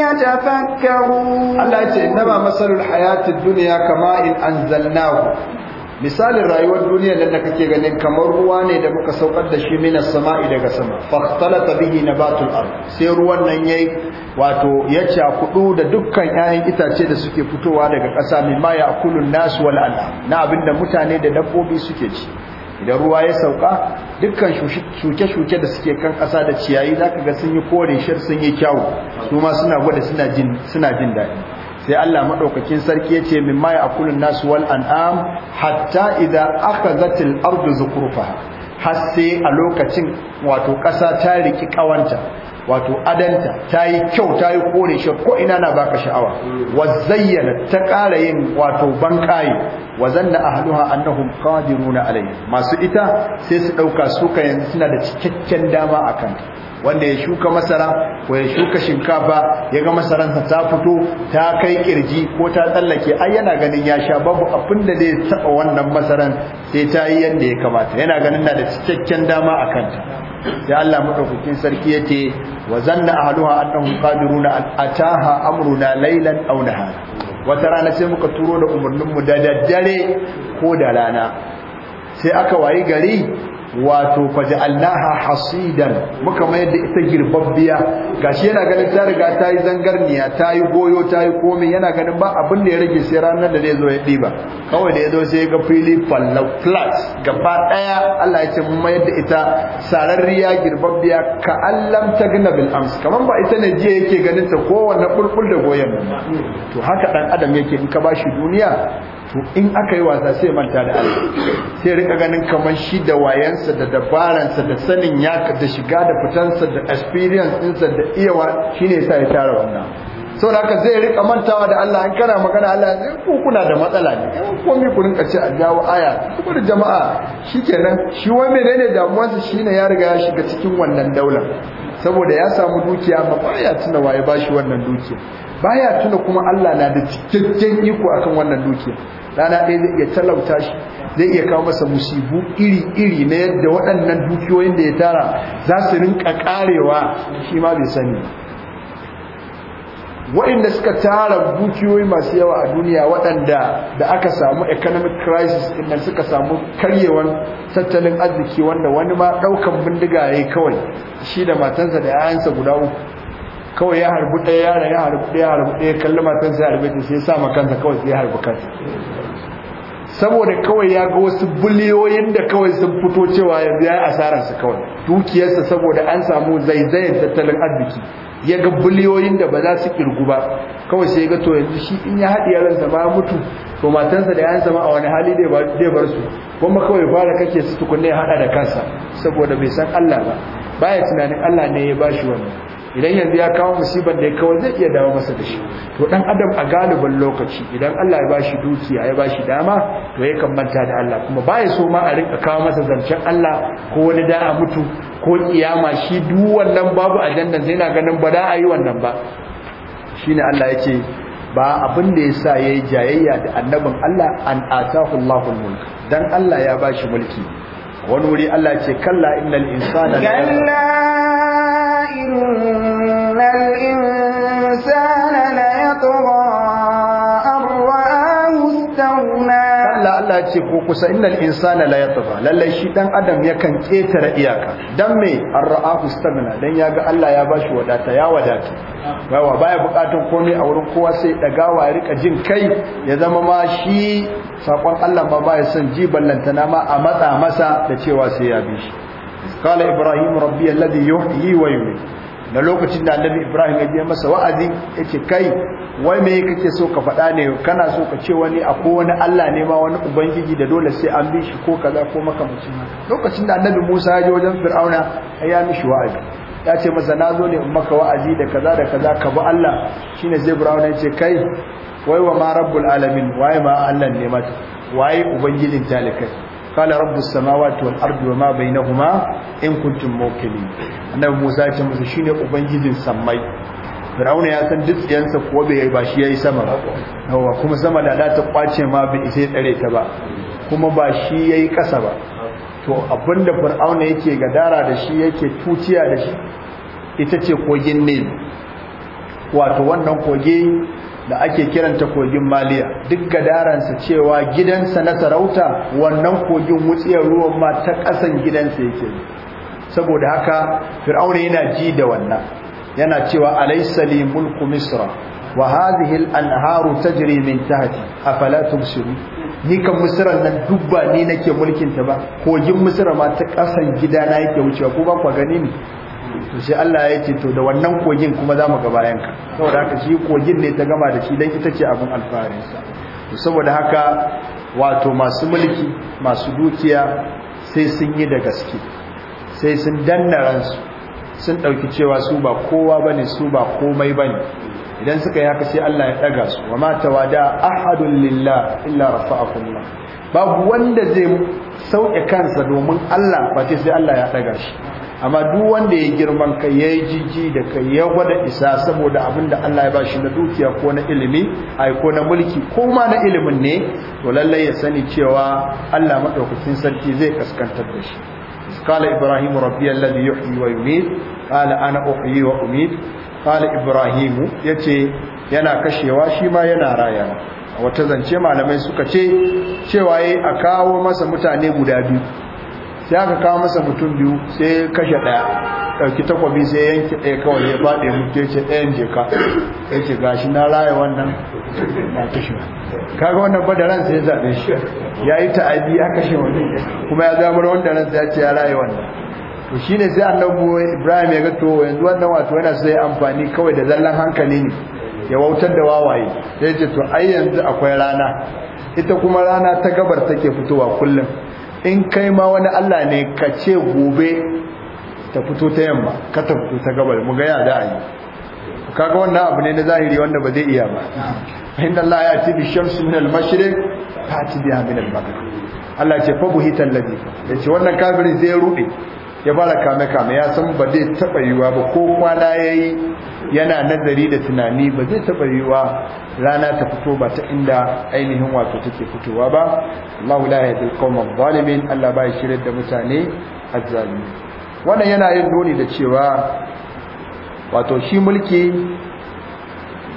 [SPEAKER 2] يتفكرون
[SPEAKER 1] الله يتي إنما مثل الحياة الدنيا كما إن أنزلناه misalin rayuwar duniyar da kake ganin kamar ruwa ne da muka saukar da shi minas sama'i daga sama fakhtalata na nabatul ard sai ruwan nan yayi wato ya kuɗu, da dukkan 'ya'yan itace da suke fitowa daga ƙasa mimma ya'kulun nas wal an'am na abinda mutane da dabbobi suke ci idan ruwa ya sauka dukkan shuke-shuke da suke kan ƙasa da ciyayi za ka ga sun yi kore shir sun yi kyawu su ma suna gwada suna jin daɗi sai Allah maɗaukakin sarki ya ce min ma ya akulun nasu wal an'am hatta idan aka zatil ardu zukurfa har sai a lokacin wato ƙasa ta riki ƙawanta wato adanta ta yi kyau ta yi kore shi ko ina na baka sha'awa wa zayyana ta ƙara yin wato banƙaye wa zanna ahluha annahum qadiruna alayhi masu ita sai su dauka suka yanzu suna da cikakken dama akan wanda ya shuka masara ko ya shuka shinkafa ya ga masaransa ta fito ta kai kirji ko ta tsallake ai yana ganin ya sha babu abin da zai taba wannan masaran sai ta yi yanda ya kamata yana ganin na da cikakken dama a kanta sai Allah madaukakin sarki yace wa zanna ahluha annahum qadiruna ataha amruna laylan aw nahara wata rana sai muka turo da mu da daddare ko da rana sai aka wayi gari wato Allaha hasidan muka mayar da ita girbabbiya gashi yana ganin ta riga ta yi zangarniya ta yi goyo ta yi komai yana ganin ba abin da ya rage sai ranar da zai zo ya ɗiba kawai da ya zo sai ga fili fallo flat gaba ɗaya Allah ya ce mun mayar da ita sararriya girbabbiya ka allam ta gina bil ams kamar ba ita ne jiya yake ganin ta kowanne bulbul da goyon to haka dan adam yake in ka bashi duniya in aka yi wasa sai manta da Allah sai rika ganin kamar shi da wayansa da dabaransa da sanin ya da shiga da fitansa da experience ɗinsa da iyawa shine yasa ya tara wannan sau da haka zai rika mantawa da Allah an kana magana Allah zai eh, ku kuna da matsala ne ya eh, komi ku rinka ce a jawo aya kuma da jama'a shi nan? shi wai menene damuwarsa shine ya riga ya shiga cikin wannan daular saboda ya samu dukiya ba ya tuna waye ba shi wannan dukiya Ba ya tuna kuma Allah na da cikakken iko akan wannan dukiya rana ɗaya zai iya talauta shi zai iya kawo masa musibu iri-iri na yadda waɗannan dukiyoyin da ya tara za su rinka ƙarewa shi ma bai sani waɗanda suka tara dukiyoyi masu yawa a duniya waɗanda da aka samu economic crisis inda suka samu karyewar tattalin arziki wanda wani ma ɗaukan bindiga ya yi kawai shi da matansa da 'ya'yansa guda uku kawai ya harbu ɗaya yana ya harbu ɗaya harbu ɗaya kalli matan sai harbe ta sai sami kansa kawai sai harbu kansa saboda kawai ya ga wasu biliyoyin da kawai sun fito cewa ya yi asararsa kawai dukiyarsa saboda an samu zaizayen tattalin arziki ya ga biliyoyin da ba za su kirgu ba kawai sai ga to yanzu shi in ya haɗi yaransa ba mutu to matansa da yayansa ma a wani hali dai bar su kuma kawai fara kake su tukunne ya haɗa da kansa saboda bai san Allah ba baya tunanin Allah ne ya bashi wannan idan yanzu ya kawo musibar da ya kawo zai iya dawo masa da shi to dan adam a galibin lokaci idan Allah ya bashi dukiya ya bashi dama to ya kammanta da Allah kuma baya so ma a rinka kawo masa zancen Allah ko wani da a mutu ko kiyama shi duk wannan babu a ajandan sai na ganin ba da a yi wannan ba shine Allah yake ba abin da ya yi jayayya da annabin Allah an atahu Allahul mulk dan Allah ya bashi mulki wani wuri Allah ce kalla innal insana
[SPEAKER 2] kalla
[SPEAKER 1] ce ko kusa innal insana la yatgha lallai shi dan adam yakan ketare iyaka dan me arra'ahu stamina dan yaga Allah ya bashi wadata ya wadata yawa baya bukatun komai a wurin kowa sai dagawa ya rika jin kai ya zama ma shi sakon Allah ba baya son ji ballantana ma a matsa masa da cewa sai ya bi shi qala ibrahim rabbi alladhi yuhyi wa yumiitu na lokacin da annabi ibrahim ya je masa wa'azi ya ce kai wai me kake so ka faɗa ne kana so ka ce wani a ko allah ne ma wani ubangiji da dole sai an bi shi ko kaza ko makamacin lokacin da annabi musa ya je wajen fir'auna ya mishi wa'azi ya ce masa na zo ne in maka wa'azi da kaza da kaza ka bi allah shine zai fir'auna ya ce kai wai wa ma rabbul alamin waye ma allah ne mata waye ubangijin talikai qala rabbus samawati wal ardi wama bainahuma in kuntum annabi Musa ya ce musu shine ubangijin sammai Fir'auna ya san duk tsiyansa ko bai ba shi yayi sama ba kuma sama da ta kwace ma bai ya tsare ta ba kuma ba shi yayi kasa ba to abinda Fir'auna yake gadara da shi yake tuciya da shi ita ce kogin Nil wato wannan kogi da ake kiranta kogin maliya duk gadaransa cewa gidansa na sarauta wannan kogin wutsiyar ruwan ma ta ƙasan gidansa yake saboda haka fir'auna yana ji da wannan yana cewa alaysa mulku misra wa hadhihi al-anharu tajri min tahti afala tubsiru ni kan misra nan dubba ne nake mulkin ta ba kogin misra ma ta ƙasan gidana yake wucewa ko ba ku gani ne to sai Allah ya ce to da wannan kogin kuma za mu ga bayanka saboda haka shi kogin ne ta gama da shi dan ita ce abin alfaharinsa to saboda haka wato masu mulki masu dukiya sai sun yi da gaske sai sun danna ransu sun ɗauki cewa su ba kowa bane su ba komai bane idan suka yi haka sai Allah ya ɗaga su wa ma tawada ahadun lillah illa rafa'ahu Allah babu wanda zai sauke kansa domin Allah ba sai Allah ya ɗaga shi amma duk wanda ya girman ka ya yi jiji da kai ya gwada isa saboda abinda Allah ya shi na dukiya ko na ilimi ai ko na mulki ko ma na ilimin ne to lallai ya sani cewa Allah madaukakin sarki zai kaskantar da shi قال إبراهيم ربي الذي يحيي ويميت yi wa أحيي وأميت Ibrahimu ya ce yana kashewa shi ma yana raya wata zance malamai suka ce cewa a kawo masa mutane guda biyu sai aka kawo masa mutum biyu sai ya kashe daya ɗauki takwabi sai yanki ɗaya kawai ya faɗe mutu ya ce ɗayan jeka ya ce gashi na raya wannan na kashe kaga wannan ba da ran sai ya zaɓe shi ya yi ta'adi ya kashe wani kuma ya zama wanda ran sai ya ce ya raya wannan to shi ne sai annabu ibrahim ya ga to yanzu wannan wato yana sai amfani kawai da zallan hankali ne ya wautar da wawaye sai ce to ai yanzu akwai rana ita kuma rana ta gabar take fitowa kullum in kai ma wani Allah ne ka ce gobe ta fito ta yamma ka ta fito ta gabar mu ga ya da ayi kaga wannan abu ne na zahiri wanda ba zai iya ba inna Allah ya tibi shamsu min al-mashriq ta tibi min al-maghrib Allah ce fa buhita alladhi ce wannan kafirin zai rude ya fara kame kame ya san ba zai taba yiwa ba ko kwana yayi yana nazari da tunani ba zai taɓa wa rana ta fito ba ta inda ainihin wato take fitowa ba Allahu la ya qawmal zalimin Allah ba ya shirye da mutane azzalimi wannan yana yin doni da cewa wato shi mulki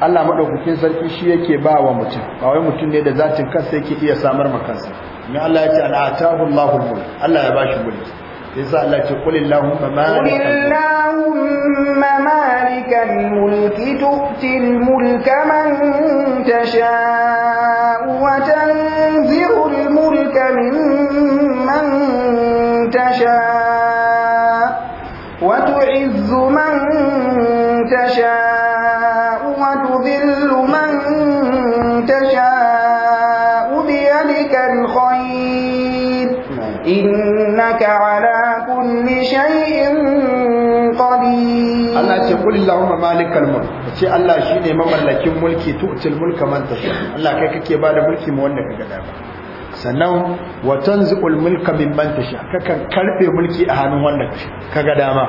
[SPEAKER 1] Allah madaukakin sarki shi yake ba wa mutum ba wai mutum ne da zatin kansa yake iya samar ma kansa in Allah ya ce an atahu Allahu mulk Allah ya bashi mulki yasa Allah ce qul illahumma
[SPEAKER 2] malikal mulki tu'til mulka man tasha'u wa al mulka mimman tasha'u
[SPEAKER 1] qul allahumma kalmar mulk ce Allah shine mamallakin mulki tu'til mulka man tasha Allah kai kake ba da mulki mu wanda kaga dama sannan wa tanzu'ul mulka mimman tasha kakan karfe mulki a hannun wanda kaga dama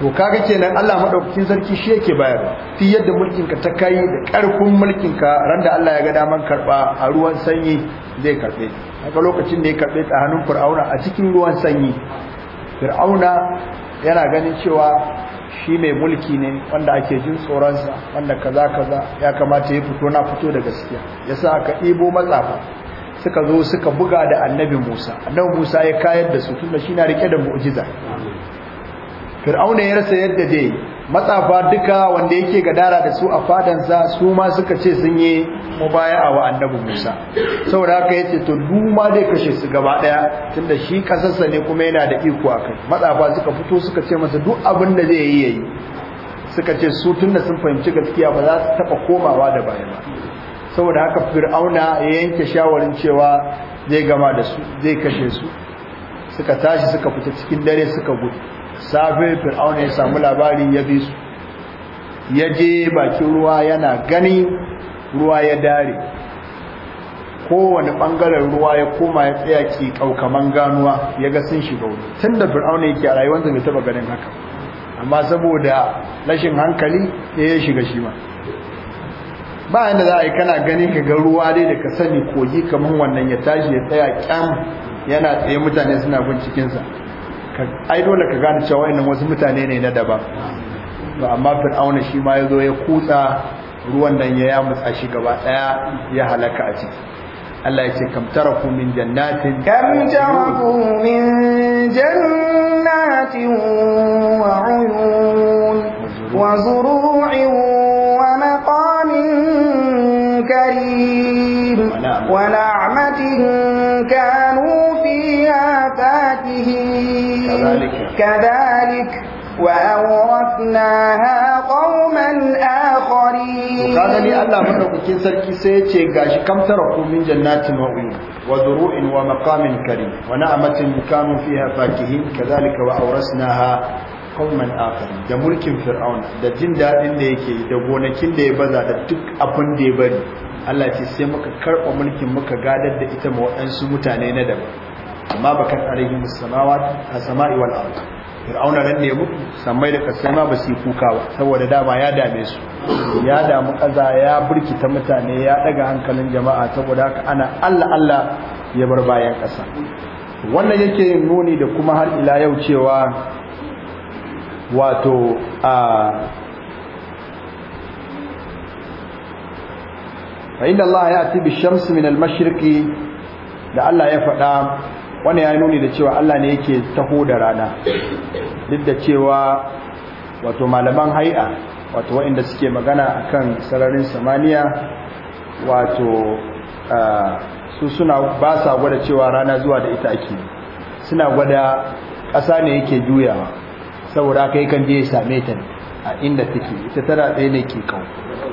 [SPEAKER 1] to kaga kenan Allah madaukakin sarki shi yake bayar fi yadda mulkin ka ta kai da karfin mulkin ka randa Allah ya ga daman karba a ruwan sanyi zai karbe haka lokacin da ya karbe ta hannun Fir'auna a cikin ruwan sanyi Fir'auna yana ganin cewa shi mai mulki ne wanda ake jin tsoronsa wanda kaza kaza ya kamata ya fito na fito da gaskiya yasa aka ɗibo matsafa suka zo suka buga da annabi Musa annabi Musa ya kayar da su tunda shi na rike da mu'jiza Fir'auna ya rasa yadda dai matsafa duka wanda yake gadara da su a fadansa su ma suka ce sun yi baya a wa annabi Musa saboda haka yace to duk ma dai kashe su gaba daya tunda shi kasarsa ne kuma yana da iko akai matsafa suka fito suka ce masa duk abin da zai yi yayi suka ce su tunda sun fahimci gaskiya ba za su taba komawa da baya ba saboda haka fir'auna ya yanke shawarin cewa zai gama da su zai kashe su suka tashi suka fita cikin dare suka gudu safe fir'auna ya samu labarin ya bi su ya je bakin ruwa yana gani ruwa ya dare kowane bangaren ruwa ya koma ya tsaya ke kaukaman ganuwa ya ga sun shiga wuri tun da fir'auna yake a rayuwarsa bai taba ganin haka amma saboda rashin hankali ya eh, ya shiga shi ma ba yadda za a yi kana gani ka ga ruwa dai da ka sani kogi kamar wannan ya tashi ya tsaya kyam yana tsaye mutane suna gun cikinsa ai dole ka gane cewa wa'annan wasu mutane ne na daban ba amma fir'auna shi ma ya zo ya kutsa ruwan nan ya yamutsa shi gaba daya ya halaka a ciki Allah ya ce kam min jannatin kam taraku
[SPEAKER 2] min jannatin wa uyun wa zuru'in wa maqamin karim wa na'matin kanu fiha fakihin kadhalik kadhalik wa awratnaha to ni Allah
[SPEAKER 1] madaukakin sarki sai ya ce gashi kamtara ku min jannatin wa uyun wa zuru'in wa maqamin karim wa na'matin kanu fiha fakihin kadhalika wa awrasnaha qauman akhar da mulkin fir'aun da jin dadin da yake da gonakin da ya baza da duk abin da ya bari Allah ce sai muka karba mulkin muka gadar da ita ma waɗansu mutane na daban amma bakan arihi musamawat as-sama'i wal ardh fir'auna nan ne san mai da kasai ma ba su yi kuka ba saboda dama ya dame su ya damu kaza ya burkita mutane ya daga hankalin jama'a saboda haka ana Allah Allah ya bar bayan kasa wannan yake nuni da kuma har ila yau cewa wato a fa inna Allah ya ati bi shamsi min al-mashriqi da Allah ya faɗa wannan ya nuni da cewa Allah ne yake taho da rana duk da cewa wato malaman hai'a wato waɗanda suke magana akan sararin samaniya wato su suna ba sa gwada cewa rana zuwa da ita ake suna gwada ƙasa ne yake juyawa saboda yi kan je ya same ta a inda take ita tana ɗaya ne ke kawo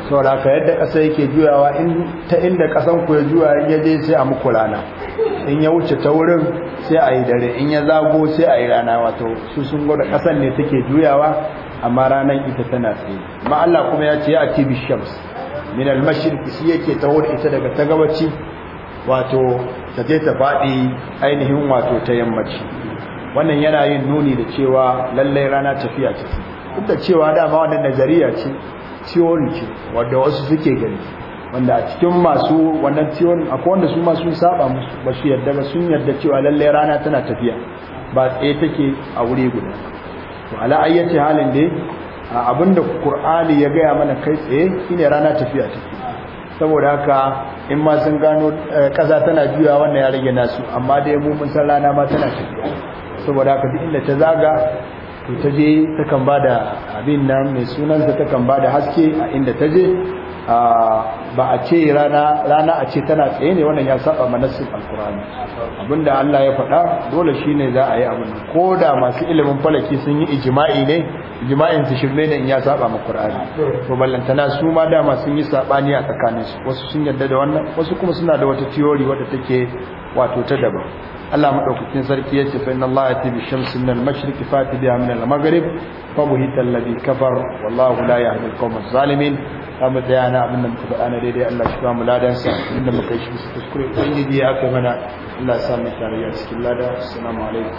[SPEAKER 1] saboda aka yadda ƙasa yake juyawa ta inda ƙasan ku ya juya ya je sai a muku rana in ya wuce ta wurin sai a yi dare in ya zago sai a yi rana wato su sun gwada ƙasan ne take juyawa amma ranar ita tana tsaye amma kuma ya ce ya ati bi shams min al mashriq yake ta da ita daga ta gabaci wato ta je ta faɗi ainihin wato ta yammaci wannan yana yin nuni da cewa lallai rana tafiya ce duk da cewa dama wannan nazariya ce ciwon ce wanda wasu suke gani wanda a cikin masu wannan ciwon akwai wanda su masu saba musu ba su yarda ba sun yadda cewa lallai rana tana tafiya ba tsaye take a wuri guda to ala ayyati halin dai abinda qur'ani ya gaya mana kai tsaye shine rana tafiya take saboda haka in ma sun gano kaza eh, tana juya wannan ya rage nasu amma dai mu mun san rana ma tana tafiya saboda haka duk inda ta zaga to ta je ta kan bada abin nan mai sunansa ta kan bada haske a inda ta je ba a ce rana a ce tana tsaye ne wannan ya saba manassin alkurani abinda Allah ya faɗa dole shine za a yi abin ko da masu ilimin falaki sun yi ijma'i ne ijma'in su shirme ne in ya saba ma qur'ani to ballantana su ma dama sun yi sabani a tsakanin su wasu sun yarda da wannan wasu kuma suna da wata theory wadda take wato ta daban Allah madaukakin sarki yace fa inna Allah yati bi shamsi min al-mashriq fati biha min al-maghrib fa buhita alladhi kafar wallahu la yahdi al-qawm az-zalimin kamar da na abin da muka faɗa na daidai Allah shi ba mu ladan sa inda muka shi su kuskure ubangiji ya aka mana Allah ya sa mu cikin lada assalamu alaikum